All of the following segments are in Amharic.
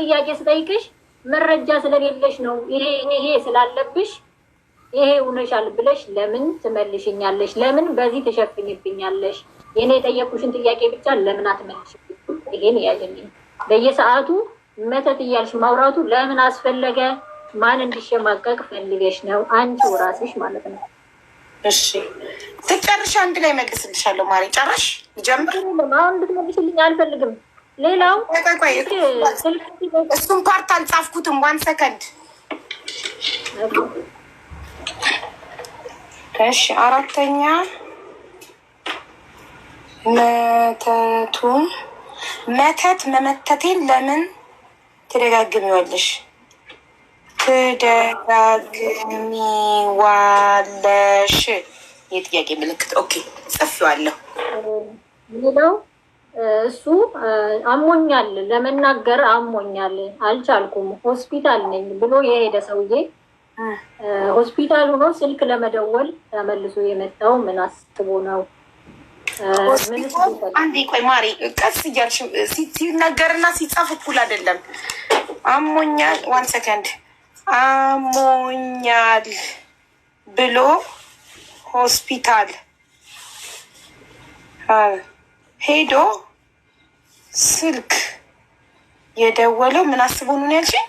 ጥያቄ ስጠይቅሽ መረጃ ስለሌለሽ ነው። ይሄ ይሄ ስላለብሽ ይሄ እውነሻል ብለሽ ለምን ትመልሽኛለሽ? ለምን በዚህ ትሸፍኝብኛለሽ? የኔ የጠየቁሽን ጥያቄ ብቻ ለምን አትመልሽ? ይሄን ያገኝ በየሰዓቱ መተት እያልሽ ማውራቱ ለምን አስፈለገ? ማን እንዲሸማቀቅ ፈልገሽ ነው? አንቺ ራስሽ ማለት ነው። እሺ ትጨርሻ፣ አንድ ላይ መልስልሻለሁ። ማሪ ጨራሽ ጀምር። አሁን እንድትመልሽልኝ አልፈልግም። ሌላው እሱን ፓርት አልጻፍኩትም። ዋን ሰከንድ። እሺ አራተኛ መተቱን መተት መመተቴን ለምን ትደጋግሚዋለሽ? ትደጋግሚዋለሽ የጥያቄ ምልክት ኦኬ፣ ጽፌዋለሁ። እሱ አሞኛል፣ ለመናገር አሞኛል፣ አልቻልኩም፣ ሆስፒታል ነኝ ብሎ የሄደ ሰውዬ ሆስፒታል ሆኖ ስልክ ለመደወል ተመልሶ የመጣው ምን አስቦ ነው? አንዴ ቆይ ማሪ፣ ቀስ እያልሽ ሲነገርና ሲጻፍ እኩል አይደለም። አሞኛል፣ ዋን ሰከንድ፣ አሞኛል ብሎ ሆስፒታል ሄዶ ስልክ የደወለው ምን አስቦ ነው ያልሽኝ?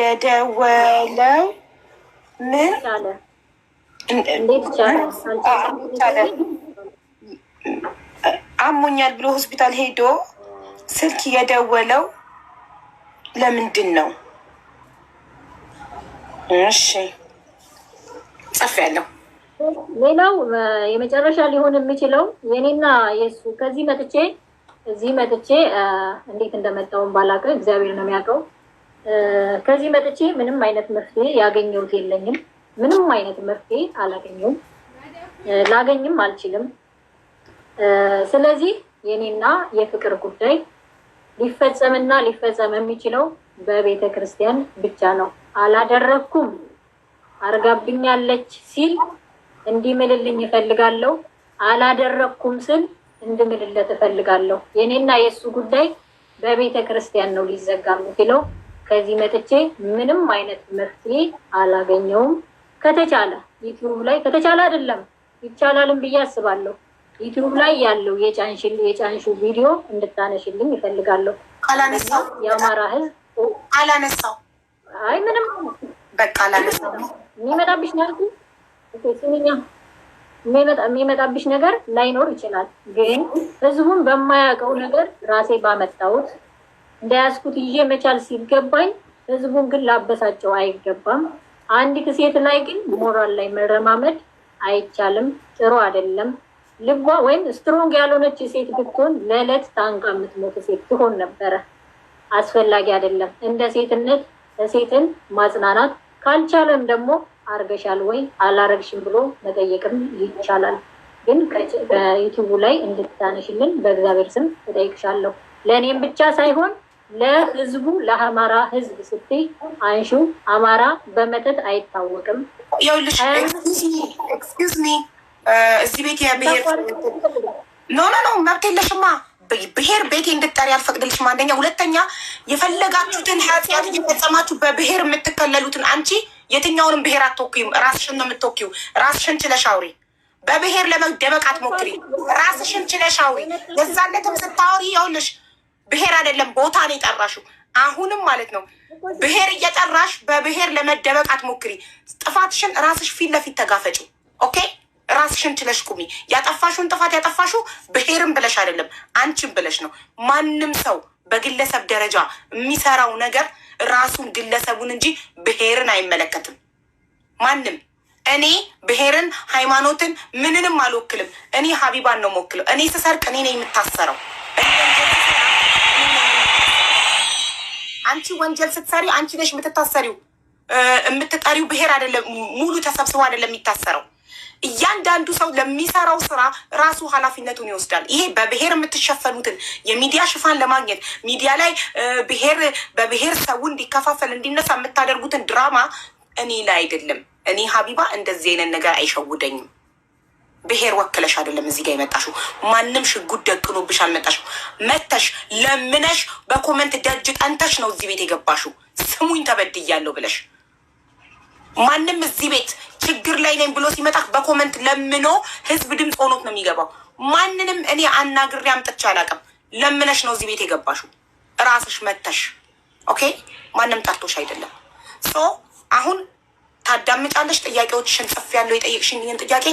የደወለው ምን አለ? አሞኛል ብሎ ሆስፒታል ሄዶ ስልክ የደወለው ለምንድን ነው? እሺ ጸፍ ያለው ሌላው የመጨረሻ ሊሆን የሚችለው የኔና የሱ ከዚህ መጥቼ እዚህ መጥቼ እንዴት እንደመጣውን ባላውቀው እግዚአብሔር ነው የሚያውቀው። ከዚህ መጥቼ ምንም አይነት መፍትሄ ያገኘሁት የለኝም። ምንም አይነት መፍትሄ አላገኘውም፣ ላገኝም አልችልም። ስለዚህ የኔና የፍቅር ጉዳይ ሊፈጸምና ሊፈጸም የሚችለው በቤተ ክርስቲያን ብቻ ነው። አላደረግኩም አርጋብኛለች ሲል እንዲምልልኝ እፈልጋለሁ። አላደረግኩም ስል እንድምልለት እፈልጋለሁ። የእኔና የእሱ ጉዳይ በቤተ ክርስቲያን ነው ሊዘጋ የምችለው። ከዚህ መጥቼ ምንም አይነት መፍትሄ አላገኘውም። ከተቻለ ዩቲዩብ ላይ ከተቻለ አይደለም ይቻላልም ብዬ አስባለሁ። ዩቲዩብ ላይ ያለው የጫንሹ ቪዲዮ እንድታነሽልኝ ይፈልጋለሁ። አላነሳው የአማራ ህዝብ አላነሳው። አይ ምንም በቃ አላነሳው። የሚመጣብሽ ናልኩ ስሚኛ የሚመጣብሽ ነገር ላይኖር ይችላል። ግን ህዝቡን በማያውቀው ነገር ራሴ ባመጣሁት እንዳያስኩት ይዤ መቻል ሲገባኝ ህዝቡን ግን ላበሳቸው አይገባም። አንድ ሴት ላይ ግን ሞራል ላይ መረማመድ አይቻልም። ጥሩ አይደለም። ልቧ ወይም ስትሮንግ ያልሆነች ሴት ብትሆን ለዕለት ታንቃ የምትሞት ሴት ትሆን ነበረ። አስፈላጊ አይደለም። እንደ ሴትነት ሴትን ማጽናናት ካልቻለም ደግሞ አርገሻል ወይ አላረግሽም ብሎ መጠየቅም ይቻላል። ግን በዩቲቡ ላይ እንድታነሽልን በእግዚአብሔር ስም እጠይቅሻለሁ። ለእኔም ብቻ ሳይሆን ለህዝቡ ለአማራ ህዝብ ስትይ አንሹ። አማራ በመተት አይታወቅም። ኤክስኪውዝ ሚ እዚህ ቤት የብሄር ኖ ኖ ኖ መብት የለሽማ። ብሄር ቤቴ እንድጠሪ አልፈቅድልሽም። አንደኛ፣ ሁለተኛ የፈለጋችሁትን ኃጢአት እየፈጸማችሁ በብሄር የምትከለሉትን አንቺ የትኛውንም ብሔር አትወኪም። ራስሽን ነው የምትወኪው። ራስሽን ችለሽ አውሪ። በብሔር ለመደበቅ አትሞክሪ። ራስሽን ችለሽ አውሪ። የዛለትም ስታወሪ ይኸውልሽ ብሔር አይደለም ቦታ ነው የጠራሽው። አሁንም ማለት ነው ብሔር እየጠራሽ በብሔር ለመደበቅ አትሞክሪ። ጥፋትሽን ራስሽ ፊት ለፊት ተጋፈጪ። ኦኬ ራስሽን ችለሽ ቁሚ። ያጠፋሽውን ጥፋት ያጠፋሽው ብሔርም ብለሽ አይደለም አንቺም ብለሽ ነው። ማንም ሰው በግለሰብ ደረጃ የሚሰራው ነገር ራሱን ግለሰቡን እንጂ ብሔርን አይመለከትም። ማንም እኔ ብሔርን፣ ሃይማኖትን፣ ምንንም አልወክልም። እኔ ሀቢባን ነው የምወክለው። እኔ ስሰርቅ እኔ ነው የምታሰረው። አንቺ ወንጀል ስትሰሪ አንቺ ነሽ የምትታሰሪው። የምትጠሪው ብሔር አይደለም፣ ሙሉ ተሰብስቦ አይደለም የሚታሰረው። እያንዳንዱ ሰው ለሚሰራው ስራ ራሱ ኃላፊነቱን ይወስዳል። ይሄ በብሔር የምትሸፈኑትን የሚዲያ ሽፋን ለማግኘት ሚዲያ ላይ ብሔር በብሔር ሰው እንዲከፋፈል እንዲነሳ የምታደርጉትን ድራማ እኔ ላይ አይደለም። እኔ ሀቢባ እንደዚህ አይነት ነገር አይሸውደኝም። ብሔር ወክለሽ አይደለም እዚህ ጋር የመጣሽው። ማንም ሽጉጥ ደቅኖብሽ አልመጣሽም። መተሽ ለምነሽ በኮመንት ደጅ ጠንተሽ ነው እዚህ ቤት የገባሽው። ስሙኝ ተበድያለሁ ብለሽ ማንም እዚህ ቤት ችግር ላይ ነኝ ብሎ ሲመጣ በኮመንት ለምኖ ህዝብ ድምፅ ሆኖት ነው የሚገባው። ማንንም እኔ አናግሬ አምጥቼ አላውቅም። ለምነሽ ነው እዚህ ቤት የገባሽው ራስሽ መተሽ። ኦኬ ማንም ጠርቶሽ አይደለም። ሶ አሁን ታዳምጫለሽ። ጥያቄዎችሽን ያለው የጠየቅሽኝ ይህን ጥያቄ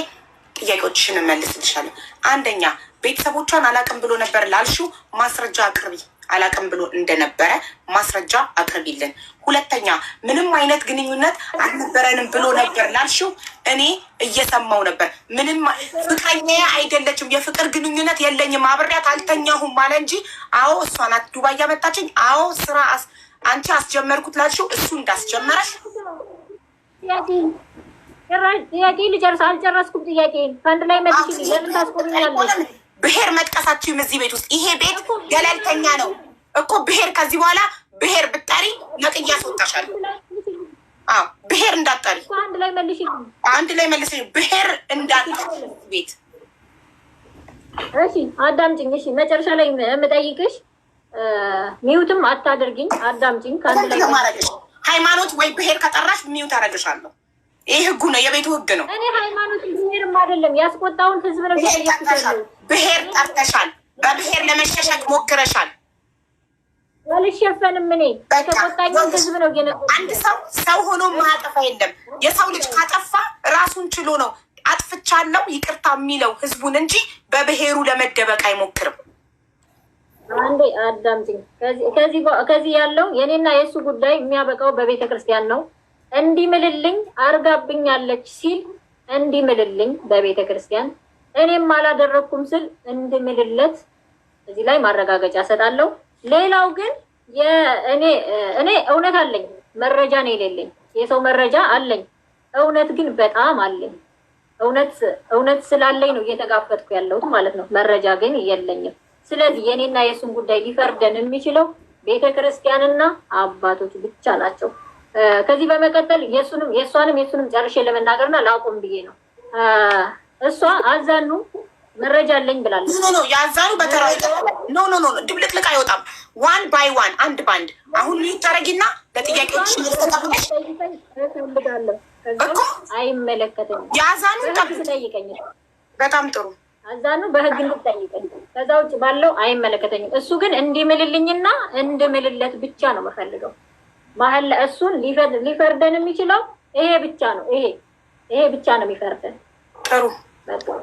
ጥያቄዎችሽን እመልስልሻለሁ። አንደኛ ቤተሰቦቿን አላውቅም ብሎ ነበር ላልሽው ማስረጃ አቅርቢ። አላቅም ብሎ እንደነበረ ማስረጃ አቅርቢልን። ሁለተኛ ምንም አይነት ግንኙነት አልነበረንም ብሎ ነበር ላልሽው እኔ እየሰማው ነበር። ምንም ፍቅረኛ አይደለችም፣ የፍቅር ግንኙነት የለኝም፣ አብሬያት አልተኛሁም ማለ እንጂ አዎ እሷ ናት ዱባይ ያመጣችኝ። አዎ ስራ አንቺ አስጀመርኩት ላልሽው እሱ እንዳስጀመረሽ ጥያቄ ልጨርስ አልጨረስኩም። ጥያቄ በአንድ ላይ መድሽ ለምን ታስቆምኛለሽ? ብሄር መጥቀሳችሁም እዚህ ቤት ውስጥ ይሄ ቤት ገለልተኛ ነው እኮ ብሔር። ከዚህ በኋላ ብሔር ብጠሪ ነቅያ አስወጣሻለሁ። ብሔር እንዳጠሪ አንድ ላይ መልሽ። ብሔር እንዳጠሪ ቤት እሺ፣ አዳምጭኝ። እሺ፣ መጨረሻ ላይ የምጠይቅሽ ሚዩትም አታደርግኝ። አዳምጭኝ። ከአንድ ላይ ሃይማኖት ወይ ብሔር ከጠራሽ ሚዩት አደርግሻለሁ። ይህ ህጉ ነው፣ የቤቱ ህግ ነው። እኔ ሃይማኖት ብሔርም አይደለም ያስቆጣውን ህዝብ ነው ብሔር ጠርተሻል። በብሄር ለመሸሸግ ሞክረሻል። አልሸፈንም። እኔ ተቆጣኝ ህዝብ ነው። አንድ ሰው ሰው ሆኖ ማጠፋ የለም። የሰው ልጅ ካጠፋ ራሱን ችሎ ነው አጥፍቻለሁ ይቅርታ የሚለው ህዝቡን እንጂ በብሄሩ ለመደበቅ አይሞክርም። አንዴ አዳምጪኝ። ከዚህ ያለው የኔና የእሱ ጉዳይ የሚያበቃው በቤተ ክርስቲያን ነው። እንዲህ ምልልኝ አርጋብኛለች ሲል እንዲህ ምልልኝ በቤተ ክርስቲያን እኔም አላደረግኩም ስል እንድምልለት እዚህ ላይ ማረጋገጫ እሰጣለሁ። ሌላው ግን የእኔ እኔ እውነት አለኝ፣ መረጃ ነው የሌለኝ። የሰው መረጃ አለኝ፣ እውነት ግን በጣም አለኝ። እውነት እውነት ስላለኝ ነው እየተጋፈጥኩ ያለሁት ማለት ነው። መረጃ ግን የለኝም። ስለዚህ የእኔና የእሱን ጉዳይ ሊፈርደን የሚችለው ቤተ ክርስቲያንና አባቶች ብቻ ናቸው። ከዚህ በመቀጠል የእሱንም የእሷንም የእሱንም ጨርሼ ለመናገርና ላቁም ብዬ ነው። እሷ አዛኑ መረጃ አለኝ ብላለች። ኖ ኖ የአዛኑ በተራ ኖ ኖ ኖ ድብልቅልቅ አይወጣም። ዋን ባይ ዋን አንድ ባንድ አሁን ልዩ ታረጊና ለጥያቄዎች እኮ አይመለከተኝም። የአዛኑ ጠይቀኝ። በጣም ጥሩ አዛኑ በህግ እንድጠይቀኝ። ከዛ ውጭ ባለው አይመለከተኝም። እሱ ግን እንዲምልልኝና እንድምልለት ብቻ ነው የምፈልገው። መሀል እሱን ሊፈርደን የሚችለው ይሄ ብቻ ነው። ይሄ ይሄ ብቻ ነው የሚፈርደን ጥሩ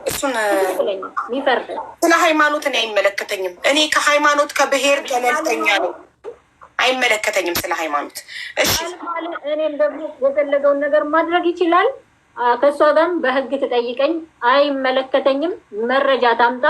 እሱን ስለ ሃይማኖት እኔ አይመለከተኝም። እኔ ከሃይማኖት ከብሄር ገለልተኛ ነው። አይመለከተኝም ስለ ሃይማኖት። እሺ እኔም ደግሞ የፈለገውን ነገር ማድረግ ይችላል። ከእሷ ጋርም በህግ ትጠይቀኝ። አይመለከተኝም። መረጃ ታምጣ።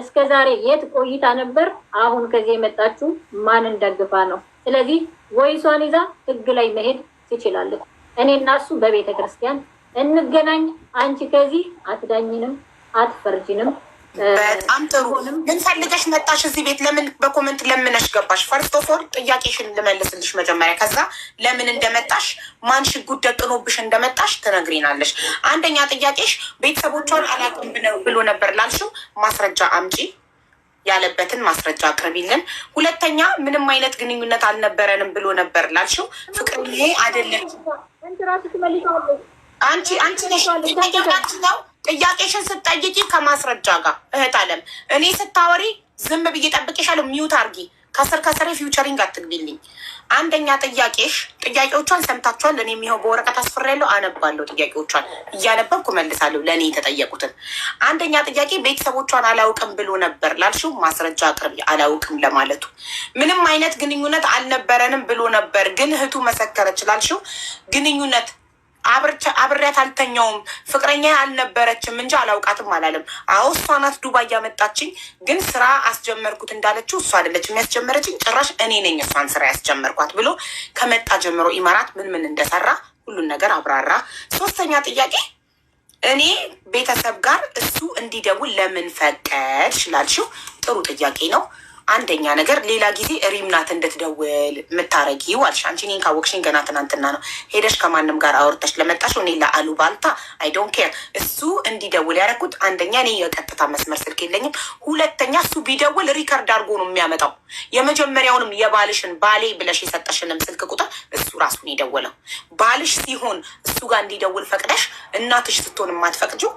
እስከ ዛሬ የት ቆይታ ነበር? አሁን ከዚህ የመጣችሁ ማንን ደግፋ ነው? ስለዚህ ወይሷን ይዛ ህግ ላይ መሄድ ትችላለች። እኔ እና እሱ በቤተ ክርስቲያን እንገናኝ። አንቺ ከዚህ አትዳኝንም አትፈርጅንም። በጣም ጥሩ። ምን ፈልገሽ መጣሽ እዚህ ቤት? ለምን በኮመንት ለምነሽ ገባሽ? ፈርስት ኦፍ ኦል ጥያቄሽን ልመልስልሽ መጀመሪያ፣ ከዛ ለምን እንደመጣሽ ማን ሽጉጥ ደቅኖብሽ እንደመጣሽ ትነግሪናለሽ። አንደኛ ጥያቄሽ ቤተሰቦቿን አላውቅም ብሎ ነበር ላልሽው ማስረጃ አምጪ፣ ያለበትን ማስረጃ አቅርቢልን። ሁለተኛ ምንም አይነት ግንኙነት አልነበረንም ብሎ ነበር ላልሽው ፍቅር አይደለም አንቺ አንቺ ነሽ ነው ጥያቄሽን ስትጠይቂ ከማስረጃ ጋር እህት አለም። እኔ ስታወሪ ዝም ብዬ ጠብቄሻለሁ። ሚዩት አርጊ። ከስር ከስር ፊውቸሪንግ አትግቢልኝ። አንደኛ ጥያቄሽ ጥያቄዎቿን ሰምታችኋል። እኔ የሚሆን በወረቀት አስፍሬያለሁ፣ አነባለሁ። ጥያቄዎቿን እያነበብኩ መልሳለሁ። ለእኔ የተጠየቁትን አንደኛ ጥያቄ ቤተሰቦቿን አላውቅም ብሎ ነበር ላልሽው ማስረጃ አቅርቢ። አላውቅም ለማለቱ ምንም አይነት ግንኙነት አልነበረንም ብሎ ነበር፣ ግን እህቱ መሰከረች ላልሽው ግንኙነት አብሬያት አልተኛውም፣ ፍቅረኛ አልነበረችም እንጂ አላውቃትም አላለም። አዎ እሷ ናት ዱባይ ያመጣችኝ፣ ግን ስራ አስጀመርኩት እንዳለችው እሷ አይደለችም ያስጀመረችኝ፣ ጭራሽ እኔ ነኝ እሷን ስራ ያስጀመርኳት ብሎ ከመጣ ጀምሮ ኢማራት ምን ምን እንደሰራ ሁሉን ነገር አብራራ። ሶስተኛ ጥያቄ እኔ ቤተሰብ ጋር እሱ እንዲደውል ለምን ፈቀድሽ ላልሽው ጥሩ ጥያቄ ነው። አንደኛ ነገር ሌላ ጊዜ ሪምናት እንድትደውል የምታረጊ ዋልሽ። አንቺ እኔን ካወቅሽኝ ገና ትናንትና ነው። ሄደሽ ከማንም ጋር አውርተሽ ለመጣሽ እኔ ለአሉባልታ አይ ዶንት ኬር። እሱ እንዲደውል ያደረኩት አንደኛ እኔ የቀጥታ መስመር ስልክ የለኝም፣ ሁለተኛ እሱ ቢደውል ሪከርድ አድርጎ ነው የሚያመጣው። የመጀመሪያውንም የባልሽን ባሌ ብለሽ የሰጠሽንም ስልክ ቁጥር እሱ ራሱን የደወለው ባልሽ ሲሆን እሱ ጋር እንዲደውል ፈቅደሽ እናትሽ ስትሆን የማትፈቅጂው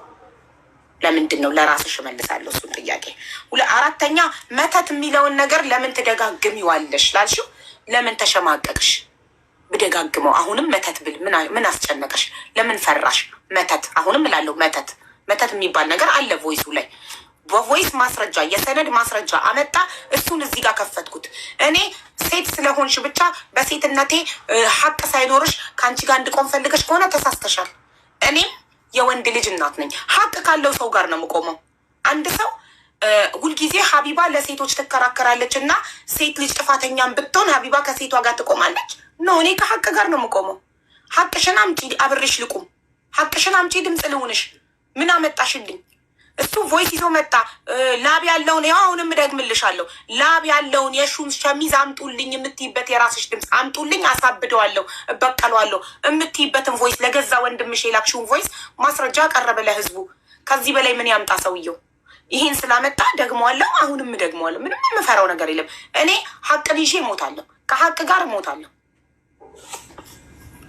ለምንድን ነው ለራስሽ እመልሳለሁ እሱን ጥያቄ። አራተኛ መተት የሚለውን ነገር ለምን ትደጋግሚዋለሽ ላልሽው ለምን ተሸማቀቅሽ? ብደጋግመው አሁንም መተት ብል ምን አስጨነቀሽ? ለምን ፈራሽ? መተት አሁንም እላለሁ መተት መተት የሚባል ነገር አለ ቮይሱ ላይ በቮይስ ማስረጃ የሰነድ ማስረጃ አመጣ። እሱን እዚህ ጋር ከፈትኩት። እኔ ሴት ስለሆንሽ ብቻ በሴትነቴ ሀቅ ሳይኖርሽ ከአንቺ ጋር እንድቆም ፈልገሽ ከሆነ ተሳስተሻል። እኔም የወንድ ልጅ እናት ነኝ። ሀቅ ካለው ሰው ጋር ነው የምቆመው። አንድ ሰው ሁልጊዜ ሀቢባ ለሴቶች ትከራከራለች እና ሴት ልጅ ጥፋተኛም ብትሆን ሀቢባ ከሴቷ ጋር ትቆማለች። ኖ እኔ ከሀቅ ጋር ነው የምቆመው። ሀቅሽን አምጪ፣ አብሬሽ ልቁም። ሀቅሽን አምጪ፣ ድምፅ ልሁንሽ። ምን አመጣሽልኝ? እሱ ቮይስ ይዞ መጣ። ላብ ያለውን ያው አሁንም እደግምልሻለሁ፣ ላብ ያለውን የሹም ሸሚዝ አምጡልኝ የምትይበት የራስሽ ድምፅ አምጡልኝ፣ አሳብደዋለሁ፣ እበቀለዋለሁ የምትይበትን ቮይስ ለገዛ ወንድምሽ የላክሽውን ቮይስ ማስረጃ ቀረበ ለህዝቡ። ከዚህ በላይ ምን ያምጣ ሰውየው? ይሄን ስላመጣ ደግመዋለሁ፣ አሁንም ደግመዋለሁ። ምንም የምፈራው ነገር የለም። እኔ ሀቅን ይዤ እሞታለሁ፣ ከሀቅ ጋር እሞታለሁ።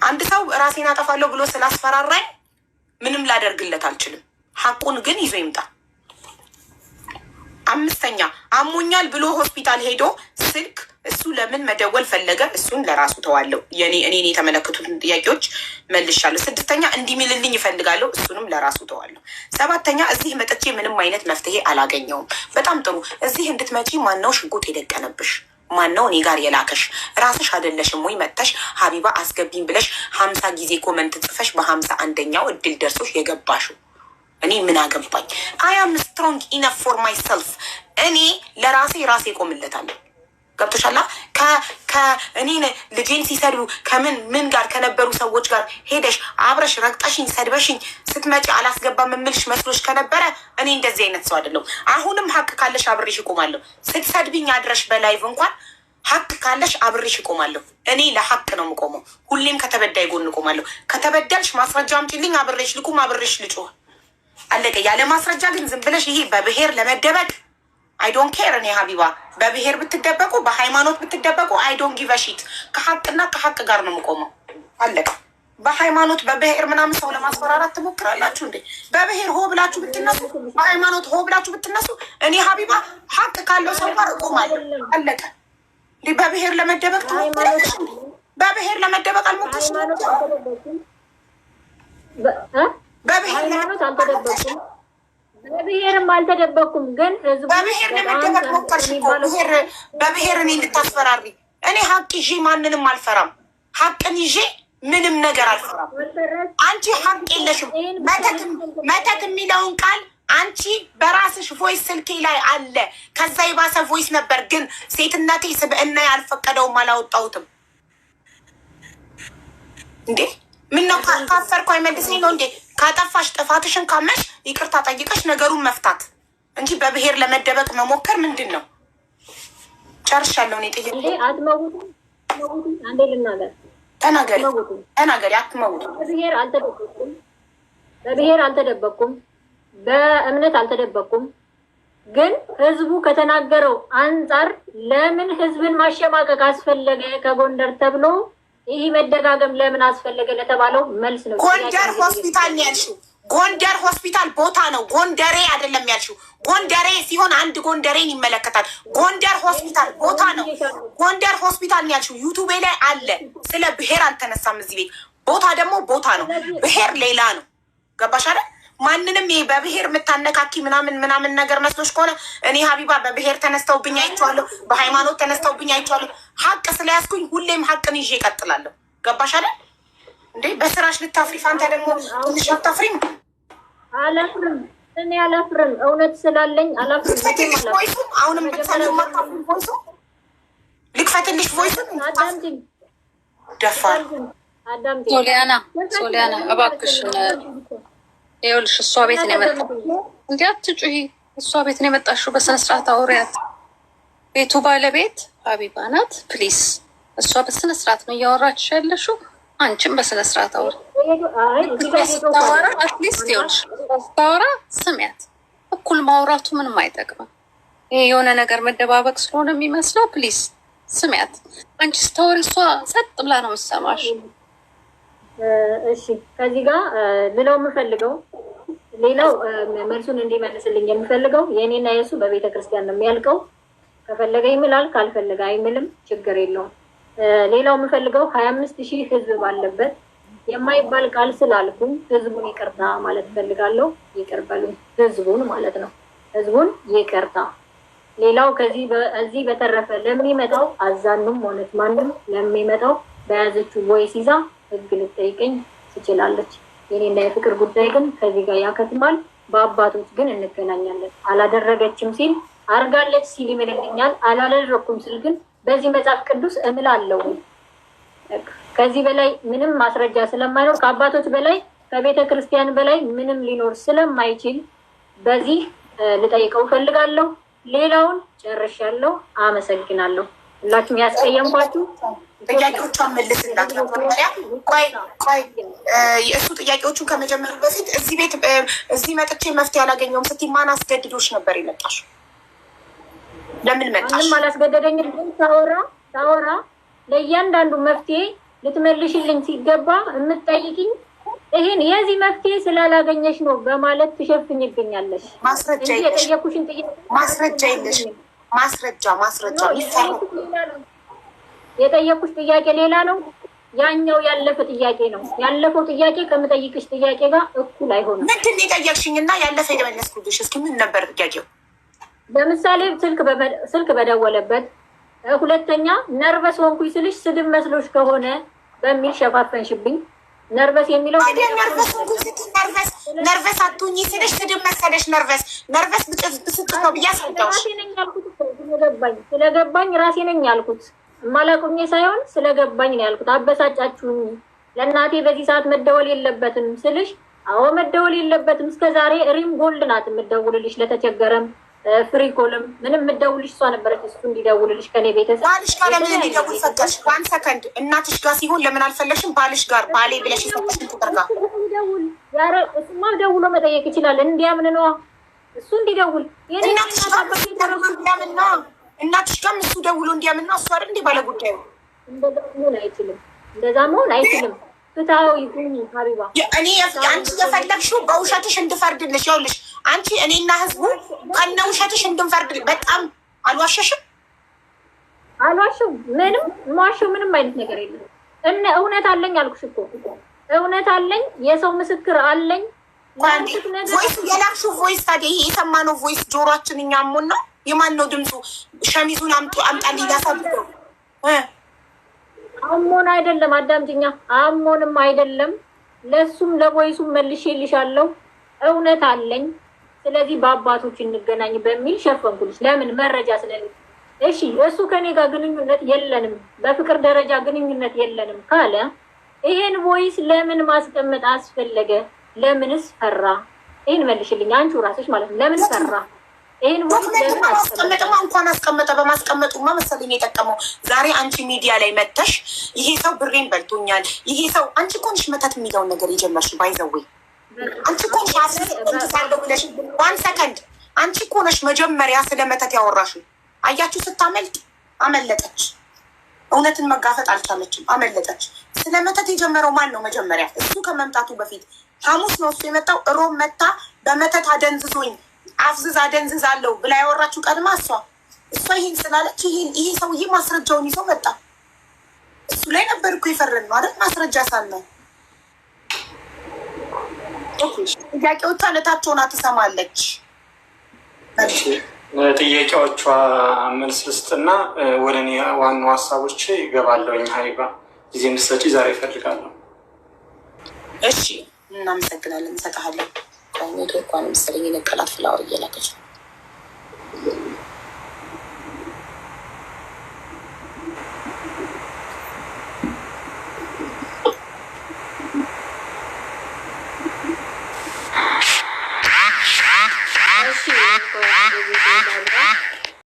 አንድ ሰው ራሴን አጠፋለሁ ብሎ ስላስፈራራኝ ምንም ላደርግለት አልችልም። ሀቁን ግን ይዞ ይምጣ። አምስተኛ አሞኛል ብሎ ሆስፒታል ሄዶ ስልክ እሱ ለምን መደወል ፈለገ? እሱን ለራሱ ተዋለው። እኔን የተመለከቱትን ጥያቄዎች መልሻለሁ። ስድስተኛ እንዲሚልልኝ ይፈልጋለሁ። እሱንም ለራሱ ተዋለሁ። ሰባተኛ እዚህ መጥቼ ምንም አይነት መፍትሄ አላገኘውም። በጣም ጥሩ። እዚህ እንድትመጪ ማነው ሽጉጥ የደቀነብሽ? ማነው እኔ ጋር የላከሽ? ራስሽ አይደለሽም ወይ? መጥተሽ ሀቢባ አስገቢኝ ብለሽ ሀምሳ ጊዜ ኮመንት ጽፈሽ በሀምሳ አንደኛው እድል ደርሶሽ የገባሽው እኔ ምን አገባኝ? አያም አም ስትሮንግ ኢነፍ ፎር ማይሰልፍ እኔ ለራሴ ራሴ ቆምለታለሁ። ገብቶሻላ? ከእኔ ልጄን ሲሰድቡ ከምን ምን ጋር ከነበሩ ሰዎች ጋር ሄደሽ አብረሽ ረግጠሽኝ ሰድበሽኝ ስትመጪ አላስገባም የምልሽ መስሎች ከነበረ እኔ እንደዚህ አይነት ሰው አይደለሁም። አሁንም ሀቅ ካለሽ አብሬሽ ይቆማለሁ። ስትሰድብኝ አድረሽ በላይቭ እንኳን ሀቅ ካለሽ አብሬሽ እቆማለሁ። እኔ ለሀቅ ነው የምቆመው። ሁሌም ከተበዳይ ጎን እቆማለሁ። ከተበዳልሽ ማስረጃ አምጪልኝ፣ አብሬሽ ልቁም፣ አብሬሽ ልጩ አለቀ። ያለ ማስረጃ ግን ዝም ብለሽ ይሄ በብሔር ለመደበቅ አይዶን ኬር። እኔ ሀቢባ በብሔር ብትደበቁ፣ በሃይማኖት ብትደበቁ አይዶን ጊቨሺት ከሀቅና ከሀቅ ጋር ነው የምቆመው። አለቀ። በሃይማኖት በብሔር ምናምን ሰው ለማስፈራራት ትሞክራላችሁ እንዴ? በብሔር ሆ ብላችሁ ብትነሱ፣ በሃይማኖት ሆ ብላችሁ ብትነሱ፣ እኔ ሀቢባ ሀቅ ካለው ሰው ጋር እቆማለሁ። አለቀ። በብሔር ለመደበቅ ትሞክራለች። በብሔር ለመደበቅ አልሞከርሽም በሃይማኖት አልተደበኩም፣ በብሔርም አልተደበኩም። ግን በብሔር ለመደበቅ ሞከርሽ። በብሔር እኔ እንድታስፈራሪ እኔ ሀቅ ይዤ ማንንም አልፈራም። ሀቅን ይዤ ምንም ነገር አልፈራም። አንቺ ሀቅ የለሽም። መተት የሚለውን ቃል አንቺ በራስሽ ቮይስ ስልኬ ላይ አለ። ከዛ የባሰ ቮይስ ነበር፣ ግን ሴትነቴ ስብዕና ያልፈቀደውም አላወጣሁትም። እንዴ ምን ነው ካፈርኩ አይመልሰኝ ነው እንዴ? ካጠፋሽ ጥፋትሽን ካመሽ ይቅርታ ጠይቀሽ ነገሩን መፍታት እንጂ በብሔር ለመደበቅ መሞከር ምንድን ነው? ጨርሻለሁ። እኔ ጥይ ተናገሪ ተናገሪ። አትመውጡ። በብሔር አልተደበቅኩም፣ በእምነት አልተደበቅኩም። ግን ህዝቡ ከተናገረው አንጻር ለምን ህዝብን ማሸማቀቅ አስፈለገ ከጎንደር ተብሎ ይህ መደጋገም ለምን አስፈለገ ለተባለው መልስ ነው። ጎንደር ሆስፒታል ነው ያልሽው። ጎንደር ሆስፒታል ቦታ ነው። ጎንደሬ አይደለም ያልሽው። ጎንደሬ ሲሆን አንድ ጎንደሬን ይመለከታል። ጎንደር ሆስፒታል ቦታ ነው። ጎንደር ሆስፒታል ነው ያልሽው። ዩቱቤ ላይ አለ። ስለ ብሔር አልተነሳም እዚህ ቤት። ቦታ ደግሞ ቦታ ነው፣ ብሔር ሌላ ነው። ገባሽ አይደል? ማንንም ይሄ በብሔር የምታነካኪ ምናምን ምናምን ነገር መስሎች ከሆነ እኔ ሀቢባ በብሔር ተነስተውብኝ አይቼዋለሁ፣ በሃይማኖት ተነስተውብኝ አይቼዋለሁ። ሀቅ ስለያዝኩኝ ሁሌም ሀቅን ይዤ እቀጥላለሁ። ገባሽ አይደል እንዴ? በስራሽ ልታፍሪ ፋንታ ደግሞ ትንሽ አታፍሪም? አላፍርም፣ እኔ አላፍርም። እውነት ስላለኝ አላፍርም። ቮይሱም አሁንም ብትሰሚ ማታፍሪ ቮይሱ ልክፈትልሽ ቮይሱን ደፋር ሶሊያና ሶሊያና እባክሽ ይኸውልሽ እሷ ቤት ነው የመጣ እንዲ አትጩሂ። እሷ ቤት ነው የመጣሽው። በስነ ስርዓት አውሪያት። ቤቱ ባለቤት ሀቢባ ናት። ፕሊስ እሷ በስነ ስርዓት ነው እያወራች ያለሽው። አንቺም በስነ ስርዓት አውሪ። ስታወራ አትሊስት ይኸውልሽ ስታወራ ስሚያት። እኩል ማውራቱ ምንም አይጠቅምም። ይሄ የሆነ ነገር መደባበቅ ስለሆነ የሚመስለው ፕሊስ ስሚያት። አንቺ ስታወሪ እሷ ጸጥ ብላ ነው የምትሰማሽ። እሺ ከዚህ ጋር ልለው የምፈልገው ሌላው መልሱን እንዲመልስልኝ የምፈልገው የእኔና የእሱ በቤተ ክርስቲያን ነው የሚያልቀው። ከፈለገ ይምላል፣ ካልፈለገ አይምልም፣ ችግር የለውም። ሌላው የምፈልገው ሀያ አምስት ሺህ ህዝብ ባለበት የማይባል ቃል ስላልኩም ህዝቡን ይቅርታ ማለት እፈልጋለሁ። ይቅር በሉኝ፣ ህዝቡን ማለት ነው። ህዝቡን ይቅርታ። ሌላው ከዚህ እዚህ በተረፈ ለሚመጣው አዛኑም ሆነት ማንም ለሚመጣው በያዘችው ወይስ ይዛ ህግ ልጠይቀኝ ትችላለች። የኔና የፍቅር ጉዳይ ግን ከዚህ ጋር ያከትማል። በአባቶች ግን እንገናኛለን። አላደረገችም ሲል አርጋለች ሲል ይመለልኛል። አላደረግኩም ሲል ግን በዚህ መጽሐፍ ቅዱስ እምል አለው። ከዚህ በላይ ምንም ማስረጃ ስለማይኖር ከአባቶች በላይ ከቤተ ክርስቲያን በላይ ምንም ሊኖር ስለማይችል በዚህ ልጠይቀው እፈልጋለሁ። ሌላውን ጨርሻለሁ። አመሰግናለሁ። ሁላችሁም ያስቀየምኳችሁ ጥያቄዎቿን መልስ እሱ ጥያቄዎቹን ከመጀመሩ በፊት እዚህ ቤት እዚህ መጥቼ መፍትሄ አላገኘውም ስትይ ማን አስገድዶች ነበር የመጣሽ? ለምን መጣሽ? ምንም አላስገደደኝ። ታወራ ታወራ ለእያንዳንዱ መፍትሄ ልትመልሽልኝ ሲገባ የምትጠይቅኝ ይህን የዚህ መፍትሄ ስላላገኘሽ ነው በማለት ትሸፍኝብኛለሽ። ማስረጃ የለሽ። ማስረጃ ማስረጃ ማስረጃ ማስረጃ የጠየቁሽ ጥያቄ ሌላ ነው። ያኛው ያለፈ ጥያቄ ነው። ያለፈው ጥያቄ ከምጠይቅሽ ጥያቄ ጋር እኩል አይሆንም። ምንድን ነው የጠየቅሽኝ እና ያለፈ የመለስኩልሽ? እስኪ ምን ነበር ጥያቄው? ለምሳሌ ስልክ በደወለበት ሁለተኛ ነርቨስ ሆንኩኝ ስልሽ ስድብ መስሎሽ ከሆነ በሚል ሸፋፈንሽብኝ። ነርቨስ የሚለው ነርቨስ ሆንኩኝ ነርቨስ አትሁኝ ስልሽ ስድብ መሰለሽ። ነርቨስ ነርቨስ ብስጭት ነው ብዬ አስረዳሁሽ። ስለገባኝ ራሴ ነኝ ያልኩት ማላቆኝ ሳይሆን ስለገባኝ ነው ያልኩት። አበሳጫችሁኝ። ለእናቴ በዚህ ሰዓት መደወል የለበትም ስልሽ አዎ መደወል የለበትም። እስከዛሬ ሪም ጎልድ ናት የምደውልልሽ ለተቸገረም ፍሪ ኮልም ምንም የምትደውልልሽ እሷ ነበረች። እሱ እንዲደውልልሽ ከኔ ቤተሰብ ባልሽ ጋር ለምን እንዲደውል ፈቀድሽ? ዋን ሰከንድ እናትሽ ጋር ሲሆን ለምን አልፈለሽም ባልሽ ጋር ባሌ ብለሽ የሰጠሽን ቁጥር ጋር እሱማ ደውሎ መጠየቅ ይችላል። እንዲያምን ነዋ እሱ እንዲደውል እናትሽ ጋር እንዲያምን እናትሽ ጋር እሱ ደውሎ እንዲያምን ነዋ። እሱ አይደል እንደ ባለ ጉዳዩ እንደዛ መሆን አይችልም። እንደዛ መሆን አይችልም። ፍትሀዊ ሁኚ ሀቢባ። እኔ አንቺ የፈለግሽው በውሸትሽ እንድፈርድልሽ ይኸውልሽ አንቺ እኔና ህዝቡ ከነ ውሸትሽ እንድንፈርድ በጣም አልዋሸሽም። አልዋሽም ምንም የማዋሸው ምንም አይነት ነገር የለም። እነ እውነት አለኝ አልኩሽ እኮ እውነት አለኝ፣ የሰው ምስክር አለኝ። ቮይስ የላክሽው ቮይስ ታዲያ ይሄ የሰማነው ቮይስ ጆሮችን እኛሙን ነው። የማን ነው ድምፁ? ሸሚዙን አምጡ አምጣልኝ ላሳብቀው። አሞን አይደለም አዳምጪኛ፣ አሞንም አይደለም ለሱም ለቮይሱም መልሼልሻለሁ። እውነት አለኝ። ስለዚህ በአባቶች እንገናኝ በሚል ሸፈንኩልሽ። ለምን መረጃ ስለ እሺ እሱ ከኔ ጋር ግንኙነት የለንም፣ በፍቅር ደረጃ ግንኙነት የለንም ካለ ይሄን ቮይስ ለምን ማስቀመጥ አስፈለገ? ለምንስ ፈራ? ይህን መልሽልኝ አንቺ ራስሽ ማለት ነው። ለምን ፈራ? ይሄን ማስቀመጥማ እንኳን አስቀመጠ። በማስቀመጡማ መሰለኝ የጠቀመው። ዛሬ አንቺ ሚዲያ ላይ መተሽ ይሄ ሰው ብሬን በልቶኛል፣ ይሄ ሰው አንቺ ኮንሽ ነሽ መተት የሚለውን ነገር የጀመርሽ ባይዘዌ አንቺ እኮ ዋን ሰከንድ አንቺ እኮ ነሽ መጀመሪያ ስለ መተት ያወራሽ። አያችሁ ስታመልጥ አመለጠች። እውነትን መጋፈጥ አልቻለችም፣ አመለጠች። ስለ መተት የጀመረው ማን ነው መጀመሪያ? እሱ ከመምጣቱ በፊት ሐሙስ ነው እሱ የመጣው። እሮብ መታ በመተት አደንዝዞኝ አፍዝዝ አደንዝዝ አለው ብላ ያወራችሁ ቀድማ እሷ እሷ ይህን ስላለች ይህን ይህ ሰውዬ ማስረጃውን ይዞ መጣ። እሱ ላይ ነበር እኮ የፈረን ነው አይደል? ማስረጃ ሳለ ጥያቄዎቿ ለታች ሆና ትሰማለች። ጥያቄዎቿ መልስ ልስጥና ወደ እኔ ዋኑ ሀሳቦች ይገባለውኝ። ሀይባ ጊዜ እንድትሰጪ ዛሬ ይፈልጋለሁ። እሺ፣ እናመሰግናለን። እንሰጥሃለን። ኳ ኔትወርኳን ምስል የነቀላት ፍላወር እየላከች ነው